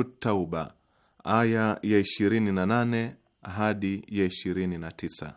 Surat Tauba aya ya ishirini na nane hadi ya ishirini na tisa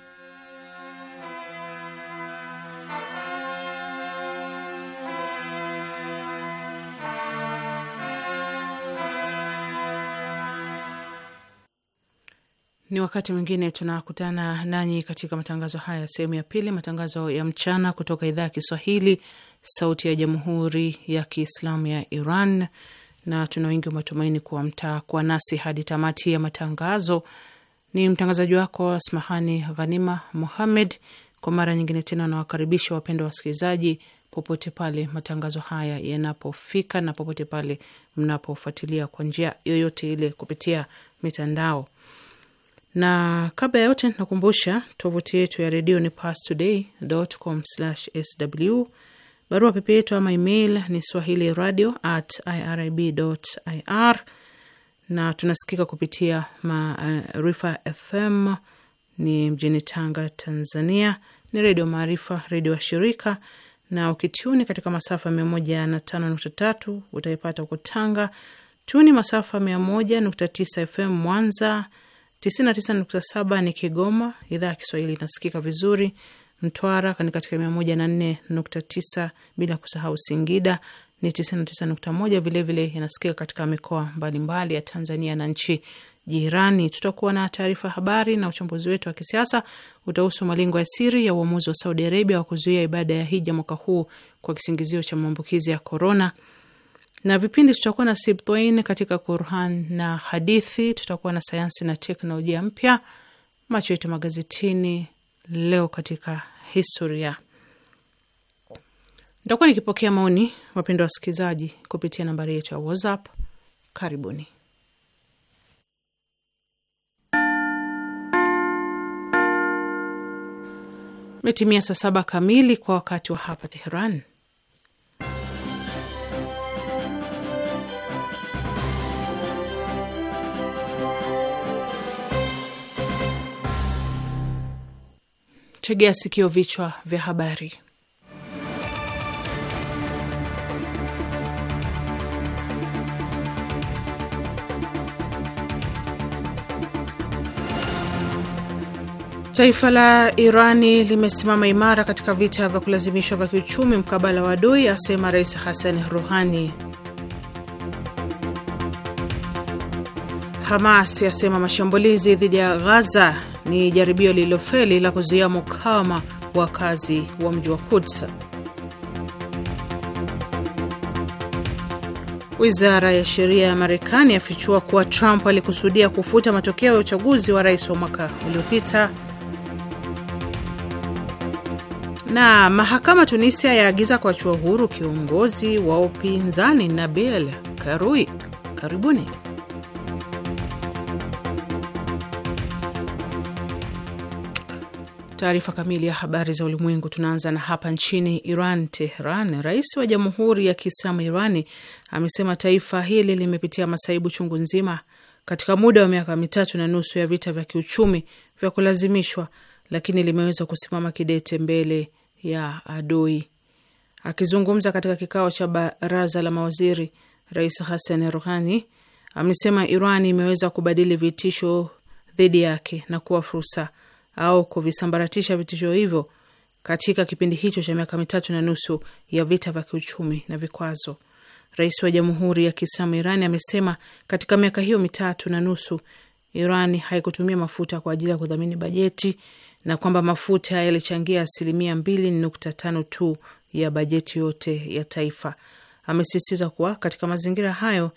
Ni wakati mwingine tunakutana nanyi katika matangazo haya, sehemu ya pili, matangazo ya mchana kutoka idhaa ya Kiswahili, Sauti ya Jamhuri ya Kiislamu ya Iran, na tuna wingi wa matumaini kuwa mtakuwa nasi hadi tamati ya matangazo. Ni mtangazaji wako Asmahani Ghanima Muhammed. Kwa mara nyingine tena, nawakaribisha wapendwa wasikilizaji, popote pale matangazo haya yanapofika na popote pale mnapofuatilia kwa njia yoyote ile kupitia mitandao na kabla ya yote nakumbusha tovuti yetu ya redio ni pastoday.com/sw. Barua pepe yetu ama email ni swahili radio at irib.ir, na tunasikika kupitia Maarifa eh, FM ni mjini Tanga, Tanzania, ni Redio Maarifa, redio wa shirika na ukituni katika masafa mia moja na tano nukta tatu utaipata huko Tanga. Tuni masafa mia moja nukta tisa FM Mwanza, 99.7 ni Kigoma, idhaa ya Kiswahili inasikika vizuri. Mtwara ni katika 104.9, bila kusahau Singida ni 99.1, vilevile inasikika katika mikoa mbalimbali ya Tanzania na nchi jirani. Tutakuwa na taarifa habari na uchambuzi wetu wa kisiasa utahusu malengo ya siri ya uamuzi wa Saudi Arabia wa kuzuia ibada ya hija mwaka huu kwa kisingizio cha maambukizi ya korona na vipindi tutakuwa na Sibtain katika Qur'an na hadithi, tutakuwa na sayansi na teknolojia mpya, macho yetu magazetini, leo katika historia. Nitakuwa nikipokea maoni, wapendwa wasikilizaji, kupitia nambari yetu ya WhatsApp. Karibuni. Metimia saa saba kamili kwa wakati wa hapa teheran kutegea sikio, vichwa vya habari. Taifa la Irani limesimama imara katika vita vya kulazimishwa vya kiuchumi mkabala wa adui, asema Rais Hassan Rouhani. Hamas yasema mashambulizi dhidi ya Ghaza ni jaribio lililofeli la kuzuia mukawama wakazi wa mji wa kuts Wizara ya sheria ya Marekani yafichua kuwa Trump alikusudia kufuta matokeo ya uchaguzi wa rais wa mwaka uliopita. Na mahakama Tunisia yaagiza kuachua huru kiongozi wa upinzani Nabil Karoui. Karibuni. Taarifa kamili ya habari za ulimwengu tunaanza na hapa nchini Iran, Tehran. Rais wa Jamhuri ya Kiislamu Irani amesema taifa hili limepitia masaibu chungu nzima katika muda wa miaka mitatu na nusu ya vita vya kiuchumi vya kulazimishwa, lakini limeweza kusimama kidete mbele ya adui. Akizungumza katika kikao cha baraza la mawaziri, Rais Hassan Rouhani amesema Iran imeweza kubadili vitisho dhidi yake na kuwa fursa au kuvisambaratisha vitisho hivyo katika kipindi hicho cha miaka mitatu na nusu ya vita vya kiuchumi na vikwazo. Rais wa Jamhuri ya Kiislamu Iran amesema katika miaka hiyo mitatu na nusu Iran haikutumia mafuta kwa ajili ya kudhamini bajeti na kwamba mafuta yalichangia asilimia mbili nukta tano tu ya bajeti yote ya taifa. Amesisitiza kuwa katika mazingira hayo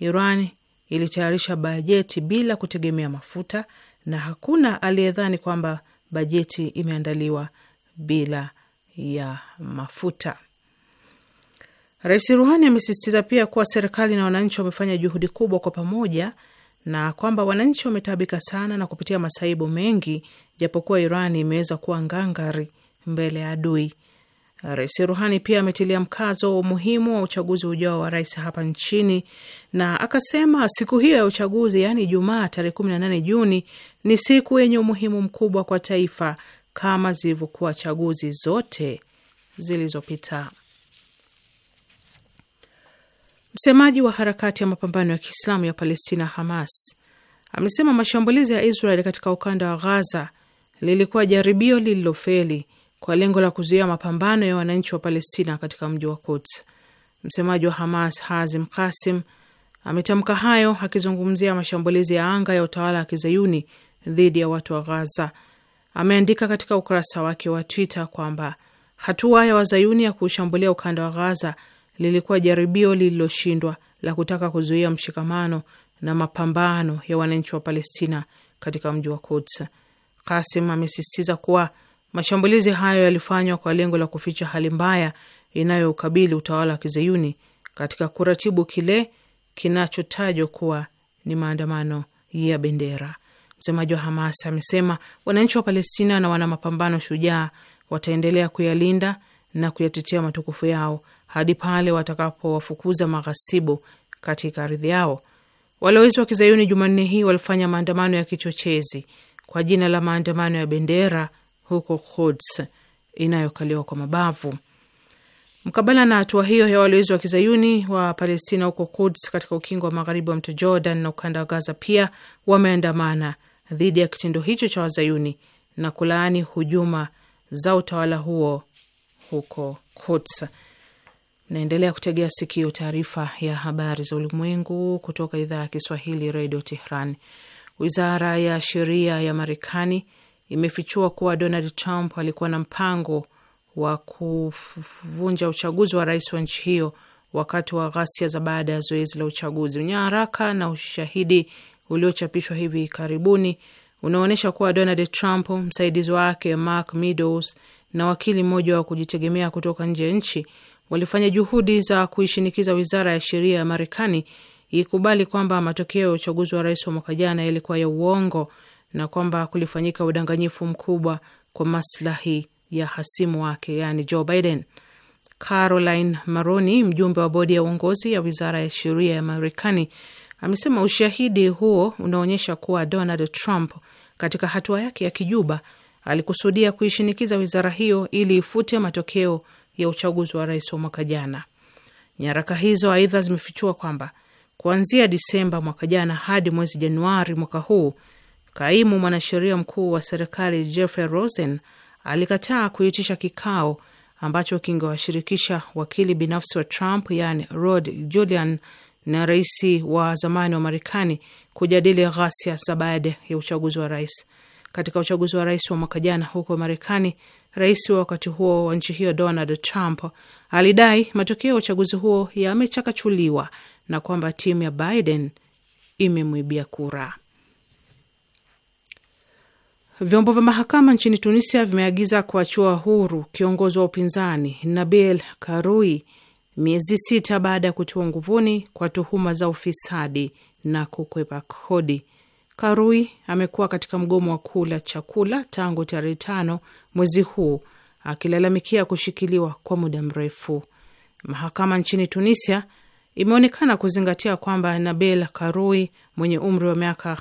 iran ilitayarisha bajeti bila kutegemea mafuta na hakuna aliyedhani kwamba bajeti imeandaliwa bila ya mafuta. Rais Ruhani amesisitiza pia kuwa serikali na wananchi wamefanya juhudi kubwa kwa pamoja na kwamba wananchi wametaabika sana na kupitia masaibu mengi, japokuwa Iran imeweza kuwa ngangari mbele ya adui Rais Ruhani pia ametilia mkazo wa umuhimu wa uchaguzi ujao wa rais hapa nchini na akasema siku hiyo ya uchaguzi, yaani Jumaa tarehe 18 Juni, ni siku yenye umuhimu mkubwa kwa taifa kama zilivyokuwa chaguzi zote zilizopita. Msemaji wa harakati ya mapambano ya Kiislamu ya Palestina, Hamas, amesema mashambulizi ya israel katika ukanda wa Ghaza lilikuwa jaribio lililofeli kwa lengo la kuzuia mapambano ya wananchi wa Palestina katika mji wa Quds. Msemaji wa Hamas Hazim Kasim ametamka hayo akizungumzia mashambulizi ya anga ya utawala wa kizayuni dhidi ya watu wa Ghaza. Ameandika katika ukurasa wake wa Twitter kwamba hatua ya wazayuni ya kuushambulia ukanda wa Ghaza lilikuwa jaribio lililoshindwa la kutaka kuzuia mshikamano na mapambano ya wananchi wa Palestina katika mji wa Quds. Kasim amesisitiza kuwa Mashambulizi hayo yalifanywa kwa lengo la kuficha hali mbaya inayoukabili utawala wa kizayuni katika kuratibu kile kinachotajwa kuwa ni maandamano ya bendera. Msemaji wa Hamas amesema wananchi wa Palestina na wana mapambano shujaa wataendelea kuyalinda na kuyatetea matukufu yao hadi pale watakapowafukuza maghasibu katika ardhi yao. Walowezi wa kizayuni Jumanne hii walifanya maandamano ya kichochezi kwa jina la maandamano ya bendera huko Quds inayokaliwa kwa mabavu. Mkabala na hatua hiyo ya walowezi wa kizayuni wa Palestina huko Quds katika ukingo wa magharibi wa mto Jordan na ukanda wa Gaza pia wameandamana dhidi ya kitendo hicho cha wazayuni na kulaani hujuma za utawala huo huko Quds. Naendelea kutegea sikio taarifa ya habari za ulimwengu kutoka idhaa ya Kiswahili, redio Tehran. Wizara ya sheria ya Marekani imefichua kuwa Donald Trump alikuwa na mpango wa kuvunja uchaguzi wa rais wa nchi hiyo wakati wa ghasia za baada ya zoezi la uchaguzi. Nyaraka na ushahidi uliochapishwa hivi karibuni unaonyesha kuwa Donald Trump, msaidizi wake Mark Meadows na wakili mmoja wa kujitegemea kutoka nje ya nchi walifanya juhudi za kuishinikiza wizara ya sheria ya Marekani ikubali kwamba matokeo ya uchaguzi wa rais wa mwaka jana yalikuwa ya uongo na kwamba kulifanyika udanganyifu mkubwa kwa maslahi ya hasimu wake, yani Joe Biden. Caroline Maroni, mjumbe wa bodi ya uongozi ya wizara ya sheria ya Marekani, amesema ushahidi huo unaonyesha kuwa Donald Trump katika hatua yake ya kijuba alikusudia kuishinikiza wizara hiyo ili ifute matokeo ya uchaguzi wa rais wa mwaka jana. Nyaraka hizo aidha zimefichua kwamba kuanzia Disemba mwaka jana hadi mwezi Januari mwaka huu Kaimu mwanasheria mkuu wa serikali Jeffrey Rosen alikataa kuitisha kikao ambacho kingewashirikisha wakili binafsi wa Trump yani Rod Julian na rais wa zamani wa Marekani kujadili ghasia za baada ya uchaguzi wa rais. Katika uchaguzi wa rais wa mwaka jana huko Marekani, rais wa wakati huo wa nchi hiyo Donald Trump alidai matokeo ya uchaguzi huo yamechakachuliwa na kwamba timu ya Biden imemwibia kura. Vyombo vya mahakama nchini Tunisia vimeagiza kuachiwa huru kiongozi wa upinzani Nabil Karui miezi sita baada ya kutiwa nguvuni kwa tuhuma za ufisadi na kukwepa kodi. Karui amekuwa katika mgomo wa kula chakula tangu tarehe tano mwezi huu akilalamikia kushikiliwa kwa muda mrefu. Mahakama nchini Tunisia imeonekana kuzingatia kwamba Nabil Karui mwenye umri wa miaka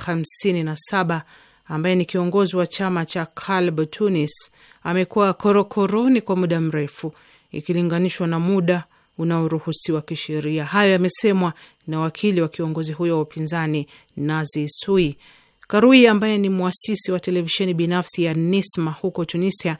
saba ambaye ni kiongozi wa chama cha Kalb Tunis amekuwa korokoroni kwa muda mrefu ikilinganishwa na muda unaoruhusiwa kisheria. Hayo yamesemwa na wakili wa kiongozi huyo wa upinzani Nazi Sui Karui, ambaye ni mwasisi wa televisheni binafsi ya Nisma huko Tunisia,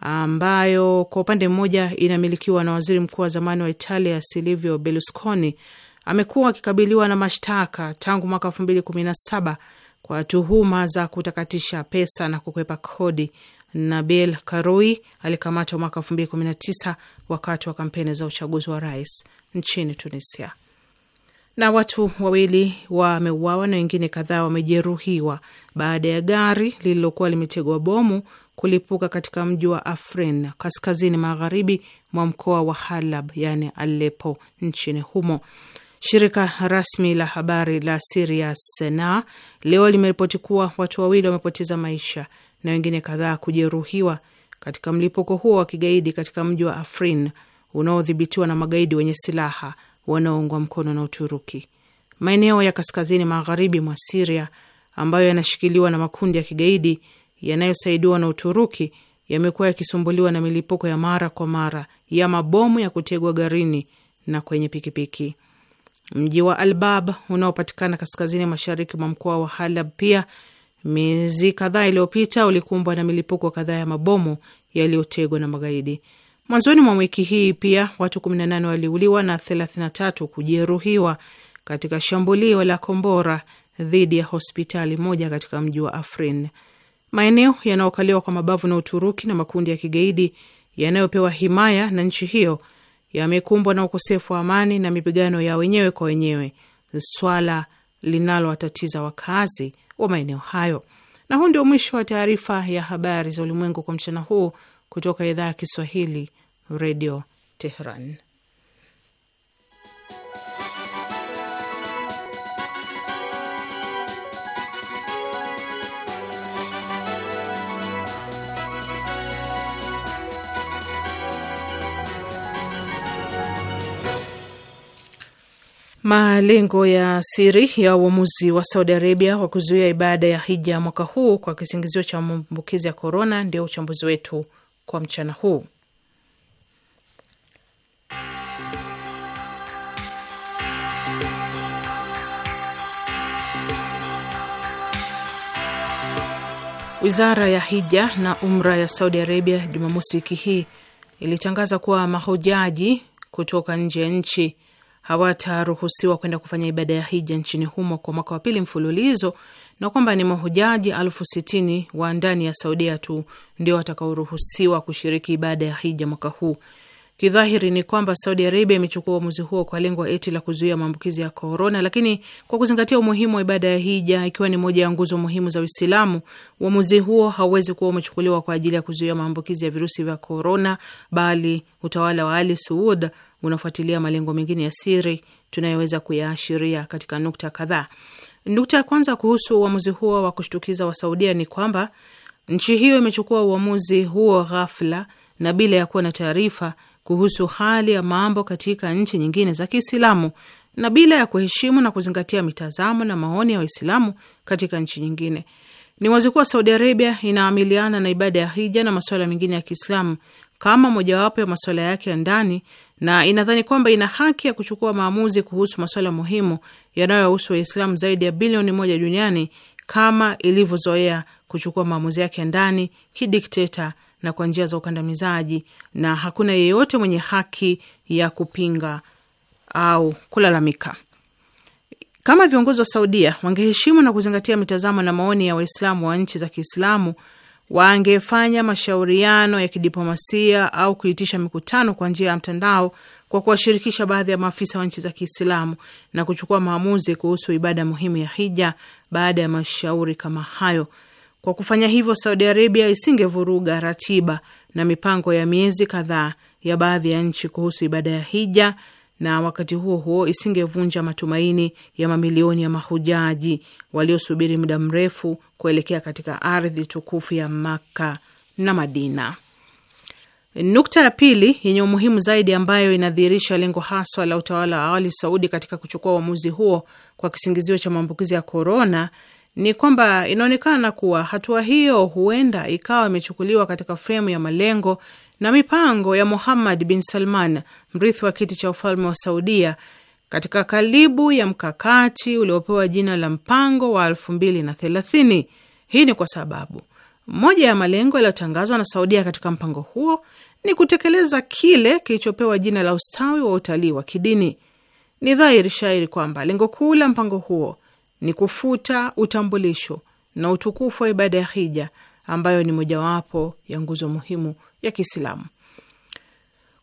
ambayo kwa upande mmoja inamilikiwa na waziri mkuu wa zamani wa Italia Silvio Berlusconi. Amekuwa akikabiliwa na mashtaka tangu mwaka elfu mbili kumi na saba kwa tuhuma za kutakatisha pesa na kukwepa kodi. Nabil Karoui alikamatwa mwaka elfu mbili kumi na tisa wakati wa kampeni za uchaguzi wa rais nchini Tunisia. Na watu wawili wameuawa na wengine kadhaa wamejeruhiwa baada ya gari lililokuwa limetegwa bomu kulipuka katika mji wa Afrin kaskazini magharibi mwa mkoa wa Halab, yani Alepo nchini humo. Shirika rasmi la habari la Siria Sena leo limeripoti kuwa watu wawili wamepoteza maisha na wengine kadhaa kujeruhiwa katika mlipuko huo wa kigaidi katika mji wa Afrin unaodhibitiwa na magaidi wenye silaha wanaoungwa mkono na Uturuki. Maeneo ya kaskazini magharibi mwa Siria ambayo yanashikiliwa na makundi ya kigaidi yanayosaidiwa na Uturuki yamekuwa yakisumbuliwa na milipuko ya mara kwa mara ya mabomu ya kutegwa garini na kwenye pikipiki. Mji wa Albab unaopatikana kaskazini mashariki mwa mkoa wa Halab pia miezi kadhaa iliyopita ulikumbwa na milipuko kadhaa ya mabomu yaliyotegwa na magaidi. Mwanzoni mwa wiki hii pia watu 18 waliuliwa na 33 kujeruhiwa katika shambulio la kombora dhidi ya hospitali moja katika mji wa Afrin. Maeneo yanayokaliwa kwa mabavu na Uturuki na makundi ya kigaidi yanayopewa himaya na nchi hiyo yamekumbwa na ukosefu wa amani na mipigano ya wenyewe kwa wenyewe, swala linalowatatiza wakazi wa maeneo hayo. Na huu ndio mwisho wa taarifa ya habari za ulimwengu kwa mchana huu kutoka idhaa ya Kiswahili, Redio Teheran. Malengo ya siri ya uamuzi wa Saudi Arabia wa kuzuia ibada ya hija mwaka huu kwa kisingizio cha maambukizi ya korona ndio uchambuzi wetu kwa mchana huu. Wizara ya hija na umra ya Saudi Arabia Jumamosi wiki hii ilitangaza kuwa mahujaji kutoka nje ya nchi hawataruhusiwa kwenda kufanya ibada ya hija nchini humo kwa mwaka wa pili mfululizo, na kwamba ni mahujaji elfu sitini wa ndani ya Saudia tu ndio watakaoruhusiwa kushiriki ibada ya hija mwaka huu. Kidhahiri ni kwamba Saudi Arabia imechukua uamuzi huo kwa lengo eti la kuzuia maambukizi ya korona, lakini kwa kuzingatia umuhimu wa ibada ya hija ikiwa ni moja ya nguzo muhimu za Uislamu, uamuzi huo hauwezi kuwa umechukuliwa kwa ajili ya kuzuia maambukizi ya virusi vya korona, bali utawala wa Ali Suud unafuatilia malengo mengine ya siri tunayoweza kuyaashiria katika nukta kadhaa. Nukta ya kwanza kuhusu uamuzi huo wa kushtukiza wa Saudia ni kwamba nchi hiyo imechukua uamuzi huo ghafla na bila ya kuwa na taarifa kuhusu hali ya mambo katika nchi nyingine za Kiislamu na bila ya kuheshimu na kuzingatia mitazamo na maoni ya Waislamu katika nchi nyingine. Ni wazi kuwa Saudi Arabia inaamiliana na ibada ya hija na masuala mengine ya Kiislamu kama mojawapo ya masuala yake ya ndani na inadhani kwamba ina haki ya kuchukua maamuzi kuhusu masuala muhimu yanayohusu Waislamu zaidi ya bilioni moja duniani kama ilivyozoea kuchukua maamuzi yake ya ndani kidikteta na kwa njia za ukandamizaji, na hakuna yeyote mwenye haki ya kupinga au kulalamika. Kama viongozi wa Saudia wangeheshimu na kuzingatia mitazamo na maoni ya Waislamu wa nchi za Kiislamu, wangefanya mashauriano ya kidiplomasia au kuitisha mikutano kwa njia ya mtandao kwa kuwashirikisha baadhi ya maafisa wa nchi za Kiislamu na kuchukua maamuzi kuhusu ibada muhimu ya hija baada ya mashauri kama hayo kwa kufanya hivyo, Saudi Arabia isingevuruga ratiba na mipango ya miezi kadhaa ya baadhi ya nchi kuhusu ibada ya hija, na wakati huo huo isingevunja matumaini ya mamilioni ya mahujaji waliosubiri muda mrefu kuelekea katika ardhi tukufu ya Makka na Madina. Nukta ya pili yenye umuhimu zaidi ambayo inadhihirisha lengo haswa la utawala wa awali Saudi katika kuchukua uamuzi huo kwa kisingizio cha maambukizi ya korona ni kwamba inaonekana kuwa hatua hiyo huenda ikawa imechukuliwa katika fremu ya malengo na mipango ya Muhammad bin Salman, mrithi wa kiti cha ufalme wa Saudia, katika kalibu ya mkakati uliopewa jina la mpango wa elfu mbili na thelathini. Hii ni kwa sababu moja ya malengo yaliyotangazwa na Saudia katika mpango huo ni kutekeleza kile kilichopewa jina la ustawi wa utalii wa kidini. Ni dhahiri shairi kwamba lengo kuu la mpango huo ni kufuta utambulisho na utukufu wa ibada ya hija ambayo ni mojawapo ya nguzo muhimu ya Kiislamu.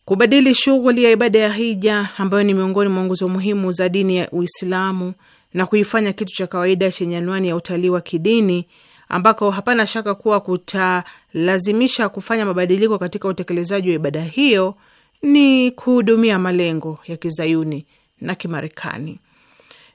Kubadili shughuli ya ibada ya hija ambayo ni miongoni mwa nguzo muhimu za dini ya Uislamu na kuifanya kitu cha kawaida chenye anwani ya utalii wa kidini, ambako hapana shaka kuwa kutalazimisha kufanya mabadiliko katika utekelezaji wa ibada hiyo, ni kuhudumia malengo ya kizayuni na kimarekani.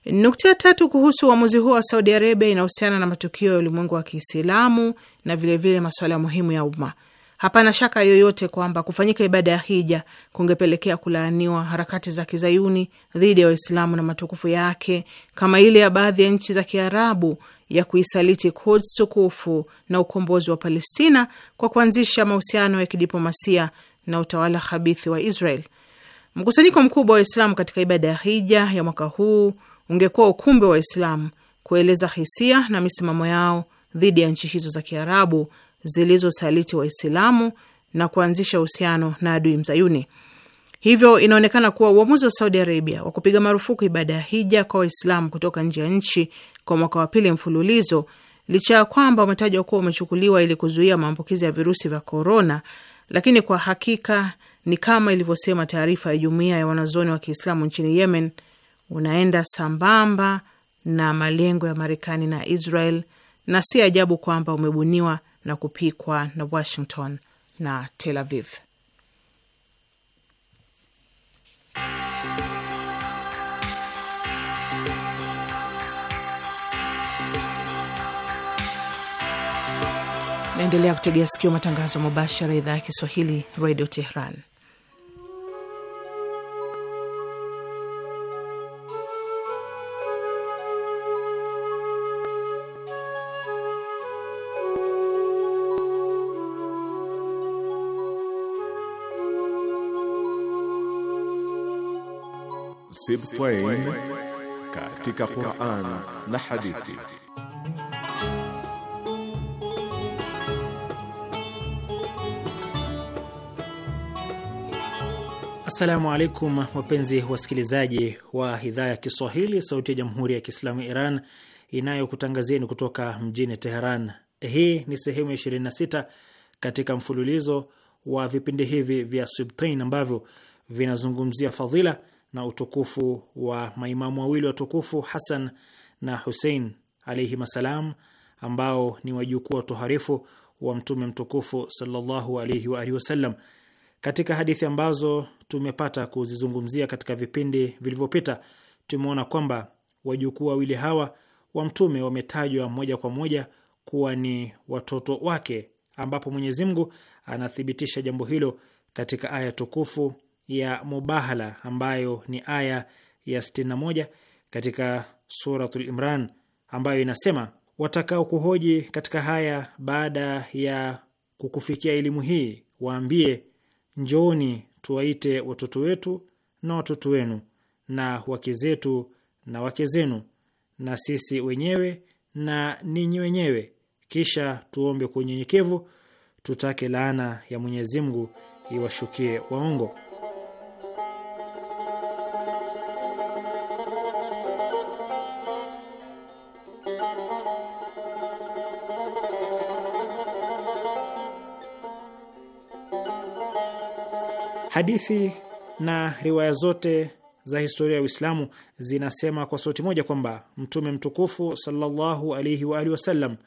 Nukta ya tatu kuhusu uamuzi huo wa Saudi Arabia inahusiana na matukio ya ulimwengu wa Kiislamu na vilevile masuala muhimu ya umma. Hapana shaka yoyote kwamba kufanyika ibada ya hija kungepelekea kulaaniwa harakati za kizayuni dhidi ya Waislamu na matukufu yake kama ile ya baadhi ya nchi za Kiarabu ya kuisaliti Quds tukufu na ukombozi wa Palestina kwa kuanzisha mahusiano ya kidiplomasia na utawala habithi wa Israel. Mkusanyiko mkubwa wa Waislamu katika ibada ya hija ya mwaka huu ungekuwa ukumbi wa Waislamu kueleza hisia na misimamo yao dhidi ya nchi hizo za Kiarabu zilizosaliti Waislamu na kuanzisha uhusiano na adui mzayuni. Hivyo inaonekana kuwa uamuzi wa Saudi Arabia wa kupiga marufuku ibada ya hija kwa Waislamu kutoka nje ya nchi kwa mwaka wa pili mfululizo, licha ya kwamba umetajwa kuwa umechukuliwa ili kuzuia maambukizi ya virusi vya korona, lakini kwa hakika ni kama ilivyosema taarifa ya jumuiya ya wanazuoni wa Kiislamu nchini Yemen unaenda sambamba na malengo ya Marekani na Israel, na si ajabu kwamba umebuniwa na kupikwa na Washington na Tel Aviv. Naendelea kutegea sikio matangazo mubashara ya idhaa ya Kiswahili, Redio Tehran. Sibtain katika Qur'an na hadithi. Assalamu alaikum wapenzi wasikilizaji wa idhaa ya Kiswahili sauti ya Jamhuri ya Kiislamu Iran inayokutangazieni kutoka mjini Teheran. Hii ni sehemu ya 26 katika mfululizo wa vipindi hivi vya Sibtain ambavyo vinazungumzia fadhila na utukufu wa maimamu wawili watukufu Hasan na Husein alaihim masalam, ambao ni wajukuu watoharifu wa Mtume mtukufu sallallahu alaihi wa alihi wasallam. Katika hadithi ambazo tumepata kuzizungumzia katika vipindi vilivyopita, tumeona kwamba wajukuu wawili hawa wa Mtume wametajwa moja kwa moja kuwa ni watoto wake, ambapo Mwenyezi Mungu anathibitisha jambo hilo katika aya tukufu ya mubahala ambayo ni aya ya 61 katika Suratul Imran ambayo inasema, watakao kuhoji katika haya baada ya kukufikia elimu hii, waambie njooni tuwaite watoto wetu na watoto wenu na wake zetu na wake zenu na sisi wenyewe na ninyi wenyewe, kisha tuombe kwa unyenyekevu, tutake laana ya Mwenyezi Mungu iwashukie waongo. Hadithi na riwaya zote za historia ya Uislamu zinasema kwa sauti moja kwamba Mtume mtukufu sallallahu alaihi wa alihi wasallam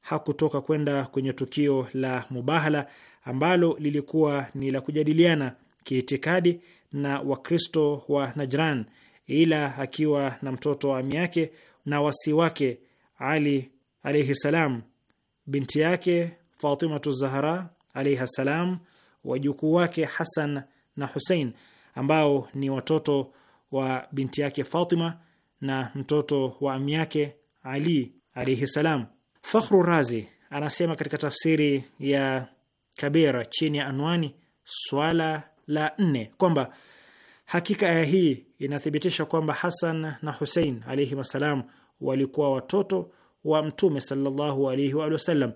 hakutoka kwenda kwenye tukio la Mubahala ambalo lilikuwa ni la kujadiliana kiitikadi na Wakristo wa Najran, ila akiwa na mtoto wa ami yake na wasi wake Ali alaihi salam, binti yake Fatimatu Zahra alaihi salam, wajukuu wake Hasan na Husein ambao ni watoto wa binti yake Fatima na mtoto wa ami yake Ali alaihi salam. Fakhru Razi anasema katika tafsiri ya Kabira chini ya anwani swala la nne kwamba hakika aya hii inathibitisha kwamba Hasan na Husein alaihim assalam walikuwa watoto wa Mtume sallallahu alaihi wa sallam.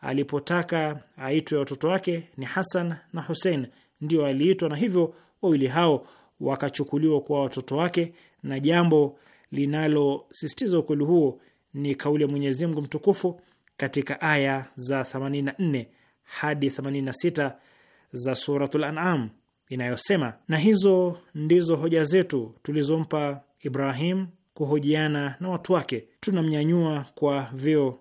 Alipotaka aitwe watoto wake ni Hasan na Husein ndio aliitwa, na hivyo wawili hao wakachukuliwa kuwa watoto wake, na jambo linalosisitiza ukweli huo ni kauli ya Mwenyezi Mungu mtukufu katika aya za 84 hadi 86 za Suratul An'am inayosema, na hizo ndizo hoja zetu tulizompa Ibrahim kuhojiana na watu wake, tunamnyanyua kwa vyo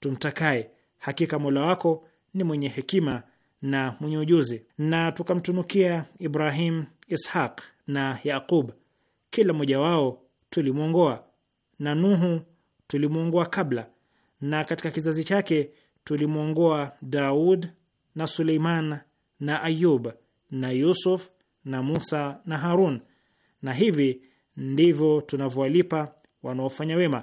tumtakaye, hakika Mola wako ni mwenye hekima na mwenye ujuzi, na tukamtunukia Ibrahim, Ishaq na Yaqub, kila mmoja wao tulimwongoa, na Nuhu tulimwongoa kabla, na katika kizazi chake tulimwongoa Daud na Suleiman na Ayub na Yusuf na Musa na Harun. Na hivi ndivyo tunavyowalipa wanaofanya wema.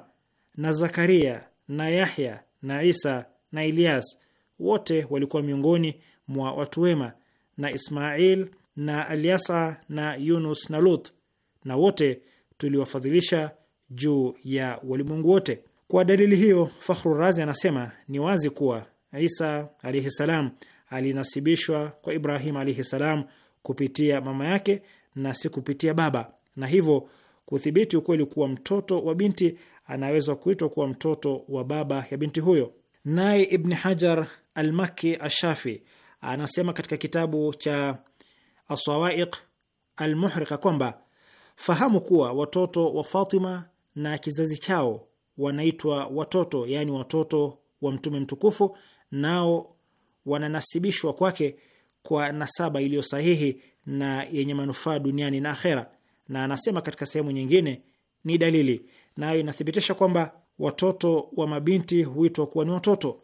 Na Zakaria na Yahya na Isa na Elias wote walikuwa miongoni mwa watu wema na Ismail na Alyasa na Yunus na Lut, na wote tuliwafadhilisha juu ya walimwengu wote. Kwa dalili hiyo, Fakhru Razi anasema ni wazi kuwa Isa alaihi salam alinasibishwa kwa Ibrahim alaihi salam kupitia mama yake na si kupitia baba, na hivyo kuthibiti ukweli kuwa mtoto wa binti anaweza kuitwa kuwa mtoto wa baba ya binti huyo. Naye Ibni Hajar Almakki Ashafi anasema katika kitabu cha Asawaiq Almuhriqa kwamba fahamu kuwa watoto wa Fatima na kizazi chao wanaitwa watoto, yaani watoto wa Mtume mtukufu, nao wananasibishwa kwake kwa nasaba iliyo sahihi na yenye manufaa duniani na akhera. Na anasema katika sehemu nyingine, ni dalili nayo inathibitisha kwamba watoto wa mabinti huitwa kuwa ni watoto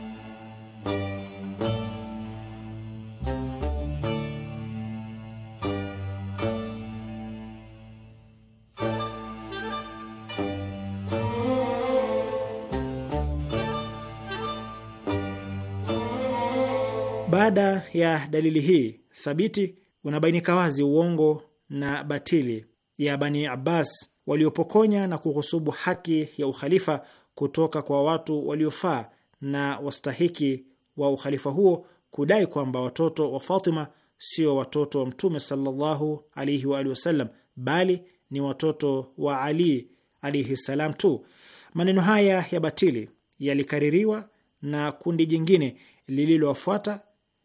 ya dalili hii thabiti unabainika wazi uongo na batili ya Bani Abbas waliopokonya na kughusubu haki ya ukhalifa kutoka kwa watu waliofaa na wastahiki wa ukhalifa huo kudai kwamba watoto wa Fatima sio watoto wa Mtume sallallahu alaihi wa alihi wasallam bali ni watoto wa Ali alaihi salam tu. Maneno haya ya batili yalikaririwa na kundi jingine lililowafuata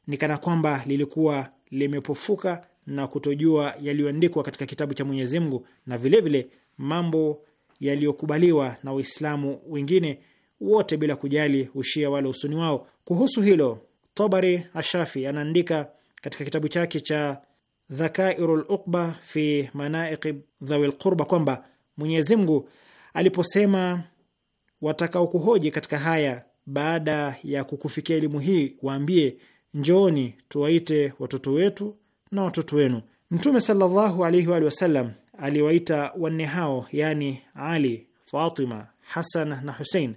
ni kana kwamba lilikuwa limepofuka na kutojua yaliyoandikwa katika kitabu cha Mwenyezi Mungu na vilevile vile mambo yaliyokubaliwa na Waislamu wengine wote bila kujali ushia wala usuni wao. Kuhusu hilo, Tabari Ashafi anaandika katika kitabu chake cha Dhakairu Uqba fi manaiki dhawi lqurba kwamba Mwenyezi Mungu aliposema, watakaokuhoji katika haya baada ya kukufikia elimu hii, waambie Njooni tuwaite watoto wetu na watoto wenu. Mtume sallallahu alaihi waalihi wasallam aliwaita wanne hao, yaani Ali, Fatima, Hasan na Husein.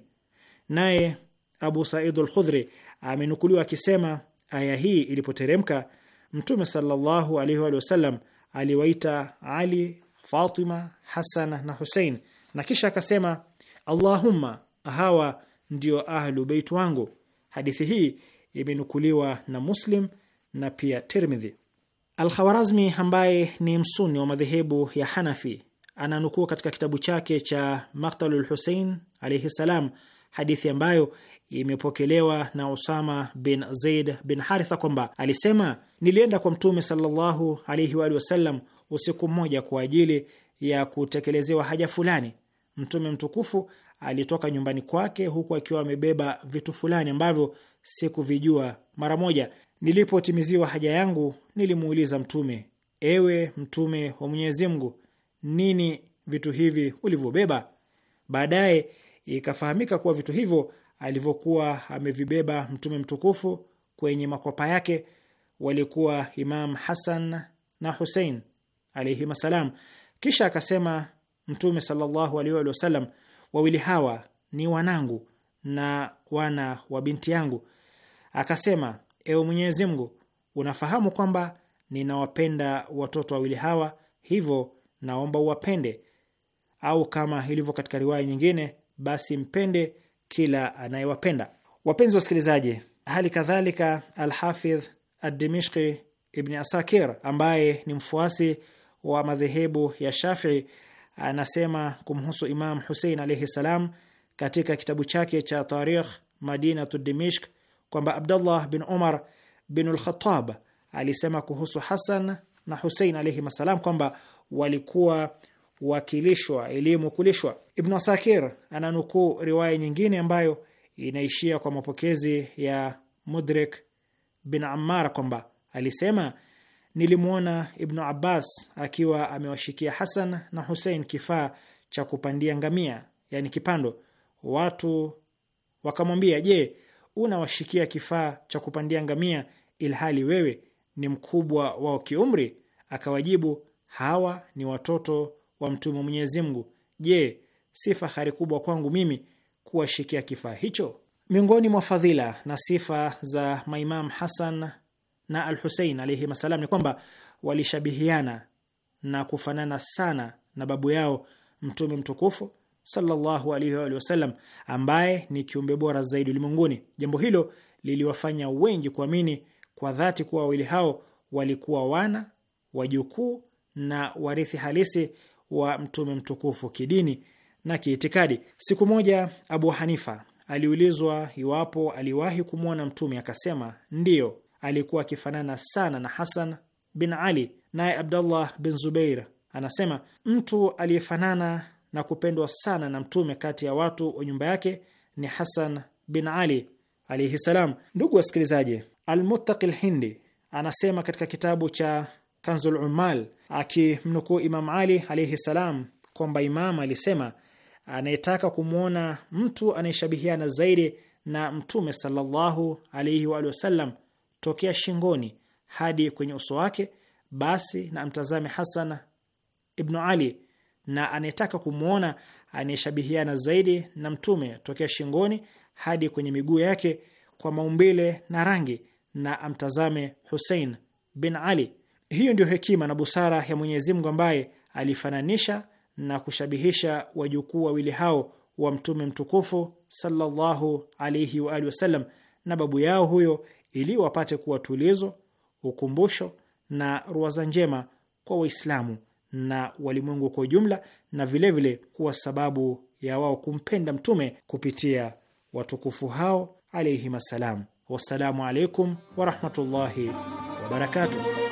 Naye Abu Said lkhudhri amenukuliwa akisema aya hii ilipoteremka, Mtume sallallahu alaihi waalihi wasallam aliwaita Ali, Fatima, Hasan na Husein, na kisha akasema, Allahumma, hawa ndio ahlu beit wangu. Hadithi hii imenukuliwa na Muslim na pia Tirmidhi. Alkhawarazmi ambaye ni msuni wa madhehebu ya Hanafi ananukua katika kitabu chake cha Maktalul Husein alaihi salam hadithi ambayo imepokelewa na Usama bin Zaid bin Haritha kwamba alisema, nilienda kwa Mtume sallallahu alaihi waalihi wasallam usiku mmoja kwa ajili ya kutekelezewa haja fulani. Mtume mtukufu alitoka nyumbani kwake huku akiwa amebeba vitu fulani ambavyo sikuvijua. Mara moja nilipotimiziwa haja yangu, nilimuuliza Mtume, ewe Mtume wa Mwenyezi Mungu, nini vitu hivi ulivyobeba? Baadaye ikafahamika kuwa vitu hivyo alivyokuwa amevibeba Mtume mtukufu kwenye makwapa yake walikuwa Imam Hasan na Husein alaihim assalam. Kisha akasema Mtume sallallahu alaihi wawili hawa ni wanangu na wana wa binti yangu. Akasema, ewe Mwenyezi Mungu, unafahamu kwamba ninawapenda watoto wawili hawa, hivyo naomba uwapende, au kama ilivyo katika riwaya nyingine, basi mpende kila anayewapenda. Wapenzi wasikilizaji, hali kadhalika Alhafidh Adimishki Ibni Asakir ambaye ni mfuasi wa madhehebu ya Shafii anasema kumhusu Imam Husein alaihi ssalam katika kitabu chake cha Tarikh Madinatu Dimishk kwamba Abdullah bin Umar bin Alkhatab alisema kuhusu Hasan na Husein alaihim assalam kwamba walikuwa wakilishwa elimu kulishwa. Ibnu Asakir ananukuu riwaya nyingine ambayo inaishia kwa mapokezi ya Mudrik bin Ammar kwamba alisema nilimwona Ibnu Abbas akiwa amewashikia Hasan na Husein kifaa cha kupandia ngamia, yani kipando watu wakamwambia, je, unawashikia kifaa cha kupandia ngamia ilhali wewe ni mkubwa wao kiumri? Akawajibu, hawa ni watoto wa mtume wa Mwenyezi Mungu. Je, si fahari kubwa kwangu mimi kuwashikia kifaa hicho? Miongoni mwa fadhila na sifa za maimam Hasan na al Husein alaihim assalam ni kwamba walishabihiana na kufanana sana na babu yao Mtume mtukufu sallallahu alaihi wa alihi ambaye ni kiumbe bora zaidi ulimwenguni. Jambo hilo liliwafanya wengi kuamini kwa dhati kuwa wawili hao walikuwa wana wajukuu na warithi halisi wa mtume mtukufu kidini na kiitikadi. Siku moja Abu Hanifa aliulizwa iwapo aliwahi kumwona mtume, akasema ndiyo, alikuwa akifanana sana na Hasan bin Ali. Naye Abdullah bin Zubeir anasema mtu aliyefanana na kupendwa sana na Mtume kati ya watu wa nyumba yake ni Hasan bin Ali alaihi salam. Ndugu wasikilizaji, Almuttaqi Lhindi anasema katika kitabu cha Kanzul Ummal akimnukuu Imam Ali alaihi salam kwamba Imam alisema, anayetaka kumwona mtu anayeshabihiana zaidi na Mtume sallallahu alaihi waalihi wasallam tokea shingoni hadi kwenye uso wake, basi na mtazame Hasan ibnu Ali na anayetaka kumwona anayeshabihiana zaidi na Mtume tokea shingoni hadi kwenye miguu yake kwa maumbile na rangi, na amtazame Husein bin Ali. Hiyo ndiyo hekima na busara ya Mwenyezi Mungu ambaye alifananisha na kushabihisha wajukuu wawili hao wa Mtume mtukufu sallallahu alaihi wa alihi wasallam na babu yao huyo, ili wapate kuwa tulizo, ukumbusho na ruwaza njema kwa Waislamu na walimwengu kwa ujumla, na vilevile vile kuwa sababu ya wao kumpenda mtume kupitia watukufu hao alaihim assalam. Wassalamu alaikum warahmatullahi wabarakatuh.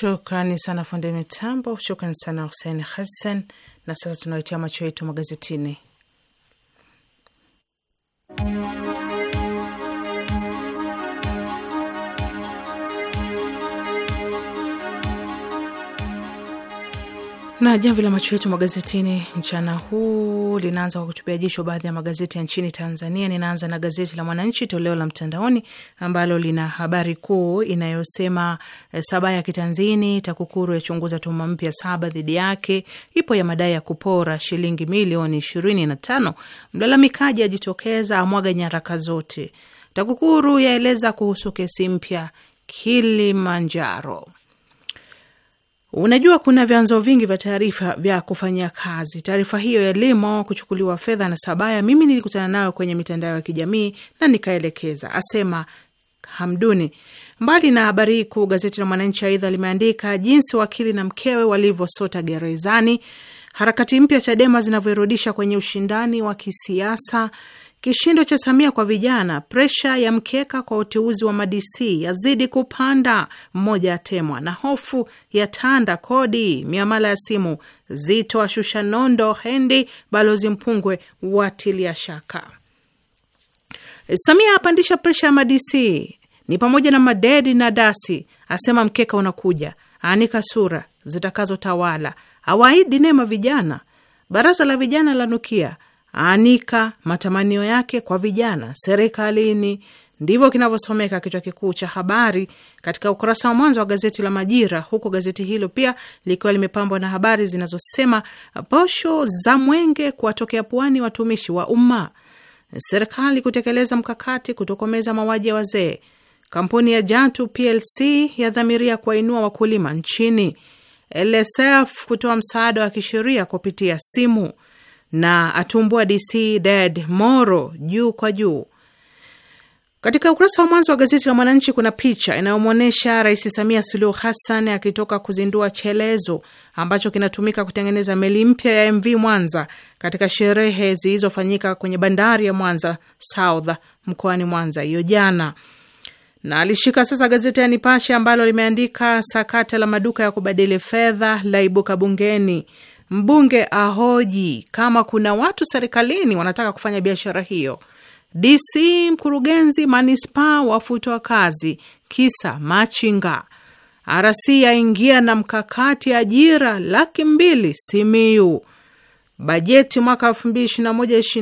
Shukrani sana fundi mitambo, shukrani sana Husein hasen Na sasa tunaletea macho yetu magazetini. na jamvi la macho yetu magazetini mchana huu linaanza kwa kutupia jicho baadhi ya magazeti ya nchini Tanzania. Ninaanza na gazeti la Mwananchi toleo la mtandaoni ambalo lina habari kuu inayosema eh, Sabaya kitanzini, TAKUKURU yachunguza tuhuma mpya saba dhidi yake, ipo ya madai ya kupora shilingi milioni ishirini na tano, mlalamikaji ajitokeza amwaga nyaraka zote, TAKUKURU yaeleza kuhusu kesi mpya Kilimanjaro. Unajua, kuna vyanzo vingi vya taarifa vya kufanyia kazi. Taarifa hiyo ya Limo kuchukuliwa fedha na Sabaya, mimi nilikutana nayo kwenye mitandao ya kijamii na nikaelekeza, asema Hamduni. Mbali na habari hii kuu, gazeti la Mwananchi aidha limeandika jinsi wakili na mkewe walivyosota gerezani, harakati mpya Chadema zinavyorudisha kwenye ushindani wa kisiasa Kishindo cha Samia kwa vijana, presha ya mkeka kwa uteuzi wa madc yazidi kupanda, mmoja atemwa, na hofu ya tanda kodi miamala ya simu. Zito ashusha nondo hendi, balozi Mpungwe watilia shaka. Samia apandisha presha ya madc, ni pamoja na madedi na dasi, asema mkeka unakuja, aanika sura zitakazotawala, awaidi neema vijana. Baraza la vijana la nukia aanika matamanio yake kwa vijana serikalini. Ndivyo kinavyosomeka kichwa kikuu cha habari katika ukurasa wa mwanzo wa gazeti la Majira, huku gazeti hilo pia likiwa limepambwa na habari zinazosema posho za mwenge kuwatokea pwani watumishi wa umma, serikali kutekeleza mkakati kutokomeza mauaji ya wazee, kampuni ya Jatu PLC yadhamiria kuwainua wakulima nchini, LSF kutoa msaada wa kisheria kupitia simu na atumbua DC Dad Moro juu kwa juu. Katika ukurasa wa mwanzo wa gazeti la Mwananchi kuna picha inayomwonyesha Rais Samia Suluhu Hassan akitoka kuzindua chelezo ambacho kinatumika kutengeneza meli mpya ya MV Mwanza katika sherehe zilizofanyika kwenye bandari ya Mwanza South mkoani Mwanza hiyo jana. Na alishika sasa gazeti ya Nipashe ambalo limeandika sakata la maduka ya kubadili fedha laibuka bungeni. Mbunge ahoji kama kuna watu serikalini wanataka kufanya biashara hiyo. DC mkurugenzi manispaa wafutwa kazi kisa machinga. RC yaingia na mkakati ajira laki mbili simiu Bajeti mwaka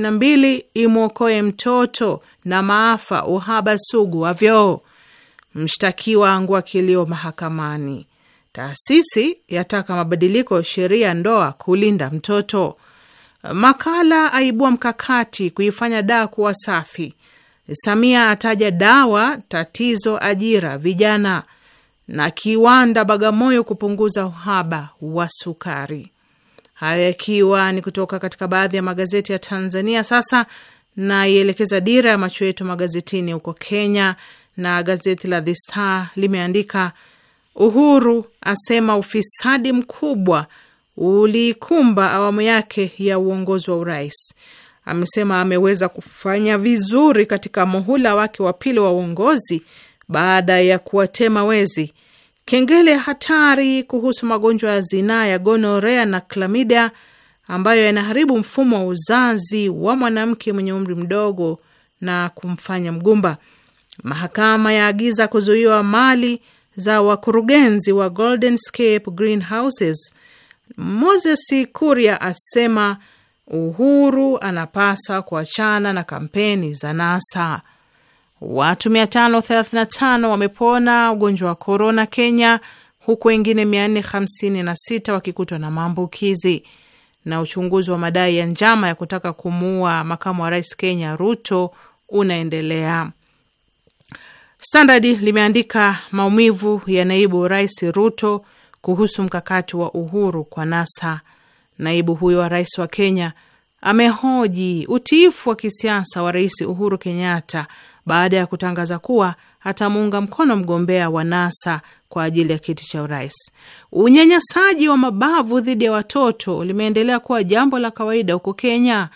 na mbili imwokoe mtoto na maafa uhaba sugu wa vyoo. Mshtakiwa angua kilio mahakamani. Taasisi yataka mabadiliko ya sheria ndoa kulinda mtoto. Makala aibua mkakati kuifanya daa kuwa safi. Samia ataja dawa tatizo ajira vijana, na kiwanda Bagamoyo kupunguza uhaba wa sukari. Hayo yakiwa ni kutoka katika baadhi ya magazeti ya Tanzania. Sasa naielekeza dira ya macho yetu magazetini huko Kenya, na gazeti la The Star limeandika Uhuru asema ufisadi mkubwa uliikumba awamu yake ya uongozi wa urais. Amesema ameweza kufanya vizuri katika muhula wake wa pili wa uongozi baada ya kuwatema wezi. Kengele hatari kuhusu magonjwa ya zinaa ya gonorea na klamidia ambayo yanaharibu mfumo wa uzazi wa mwanamke mwenye umri mdogo na kumfanya mgumba. Mahakama yaagiza kuzuiwa mali za wakurugenzi wa Scape Greenhouses, Moses Kuria asema Uhuru anapaswa kuachana na kampeni za NASA. Watu 535 wamepona ugonjwa wa korona Kenya, huku wengine 456 wakikutwa na maambukizi. Na uchunguzi wa madai ya njama ya kutaka kumuua makamu wa rais Kenya Ruto unaendelea. Standard limeandika maumivu ya naibu rais Ruto kuhusu mkakati wa uhuru kwa NASA. Naibu huyo wa rais wa Kenya amehoji utiifu wa kisiasa wa rais Uhuru Kenyatta baada ya kutangaza kuwa atamuunga mkono mgombea wa NASA kwa ajili ya kiti cha urais. Unyanyasaji wa mabavu dhidi ya watoto limeendelea kuwa jambo la kawaida huko Kenya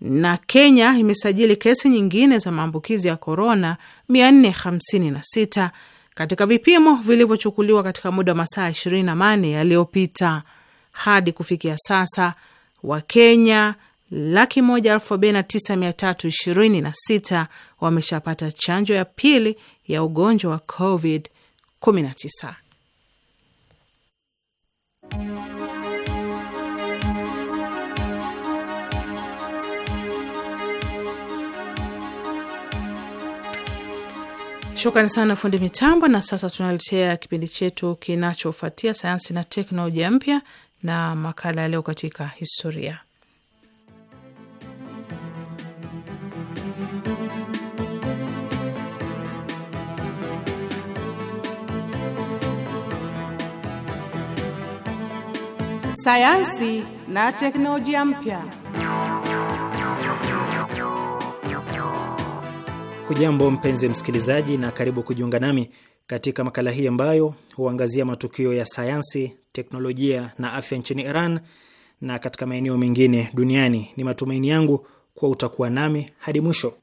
na Kenya imesajili kesi nyingine za maambukizi ya korona 456 katika vipimo vilivyochukuliwa katika muda wa masaa 24 yaliyopita. Hadi kufikia sasa Wakenya laki moja elfu arobaini na tisa mia tatu ishirini na sita wameshapata chanjo ya pili ya ugonjwa wa COVID 19. Shukrani sana fundi mitambo. Na sasa tunaletea kipindi chetu kinachofuatia, sayansi na teknolojia mpya, na makala ya leo katika historia. Sayansi na teknolojia mpya. Hujambo mpenzi msikilizaji, na karibu kujiunga nami katika makala hii ambayo huangazia matukio ya sayansi, teknolojia na afya nchini Iran na katika maeneo mengine duniani. Ni matumaini yangu kuwa utakuwa nami hadi mwisho.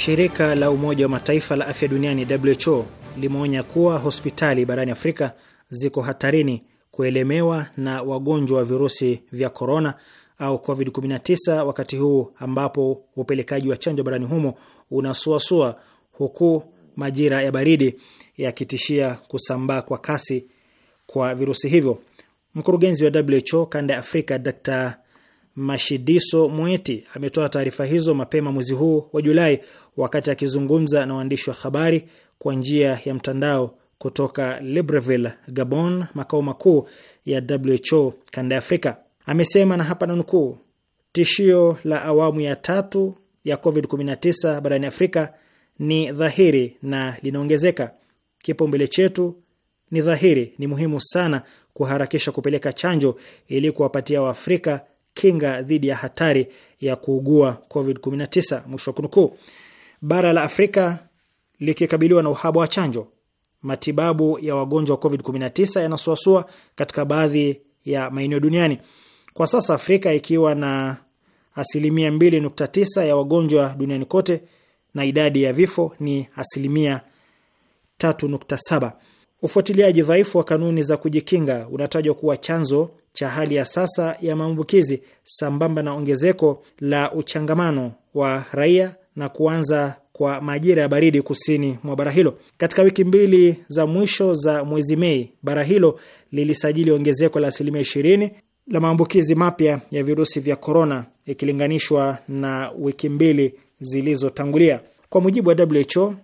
Shirika la Umoja wa Mataifa la Afya Duniani, WHO, limeonya kuwa hospitali barani Afrika ziko hatarini kuelemewa na wagonjwa wa virusi vya korona au COVID-19 wakati huu ambapo upelekaji wa chanjo barani humo unasuasua huku majira ya baridi yakitishia kusambaa kwa kasi kwa virusi hivyo. Mkurugenzi wa WHO kanda ya Afrika Dr Mashidiso Mweti ametoa taarifa hizo mapema mwezi huu wa Julai wakati akizungumza na waandishi wa habari kwa njia ya mtandao kutoka Libreville, Gabon, makao makuu ya WHO kanda ya Afrika. Amesema na hapa nanukuu, tishio la awamu ya tatu ya COVID-19 barani Afrika ni dhahiri na linaongezeka. Kipaumbele chetu ni dhahiri, ni muhimu sana kuharakisha kupeleka chanjo ili kuwapatia Waafrika kinga dhidi ya hatari ya kuugua COVID-19, mwisho wa kunukuu. Bara la Afrika likikabiliwa na uhaba wa chanjo, matibabu ya wagonjwa wa COVID-19 yanasuasua katika baadhi ya maeneo duniani kwa sasa, Afrika ikiwa na asilimia 2.9 ya wagonjwa duniani kote na idadi ya vifo ni asilimia 3.7. Ufuatiliaji dhaifu wa kanuni za kujikinga unatajwa kuwa chanzo cha hali ya sasa ya maambukizi sambamba na ongezeko la uchangamano wa raia na kuanza kwa majira ya baridi kusini mwa bara hilo. Katika wiki mbili za mwisho za mwezi Mei, bara hilo lilisajili ongezeko la asilimia ishirini la maambukizi mapya ya virusi vya korona ikilinganishwa na wiki mbili zilizotangulia. Kwa mujibu wa WHO,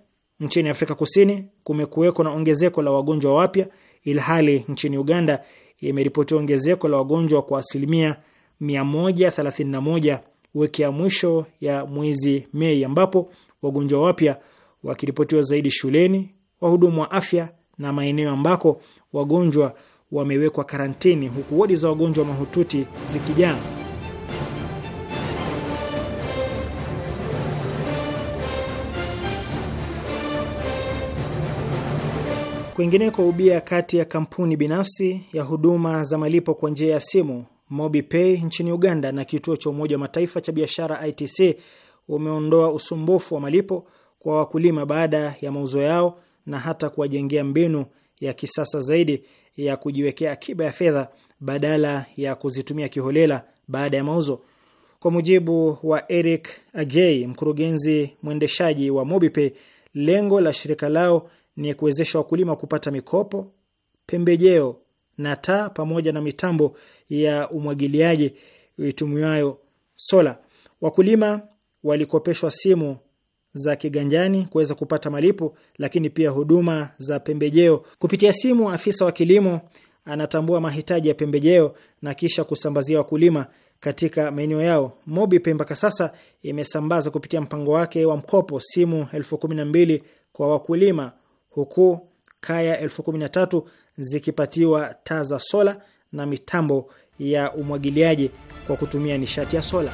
nchini Afrika Kusini kumekuweko na ongezeko la wagonjwa wapya, ilhali nchini Uganda imeripotiwa ongezeko la wagonjwa kwa asilimia 131 wiki ya mwisho ya mwezi Mei, ambapo wagonjwa wapya wakiripotiwa zaidi shuleni, wahudumu wa afya na maeneo ambako wagonjwa wamewekwa karantini, huku wodi za wagonjwa mahututi zikijaa. Kwingineko, ubia kati ya kampuni binafsi ya huduma za malipo kwa njia ya simu MobiPay nchini Uganda na kituo cha Umoja wa Mataifa cha biashara ITC umeondoa usumbufu wa malipo kwa wakulima baada ya mauzo yao na hata kuwajengea mbinu ya kisasa zaidi ya kujiwekea akiba ya fedha badala ya kuzitumia kiholela baada ya mauzo. Kwa mujibu wa Eric Agei, mkurugenzi mwendeshaji wa MobiPay, lengo la shirika lao ni kuwezesha wakulima kupata mikopo, pembejeo na taa pamoja na mitambo ya umwagiliaji itumiwayo sola. Wakulima walikopeshwa simu za kiganjani kuweza kupata malipo, lakini pia huduma za pembejeo kupitia simu. Afisa wa kilimo anatambua mahitaji ya pembejeo na kisha kusambazia wakulima katika maeneo yao. Mobi Pemba mpaka sasa imesambaza kupitia mpango wake wa mkopo simu elfu kumi na mbili kwa wakulima huku kaya elfu kumi na tatu zikipatiwa taa za sola na mitambo ya umwagiliaji kwa kutumia nishati ya sola.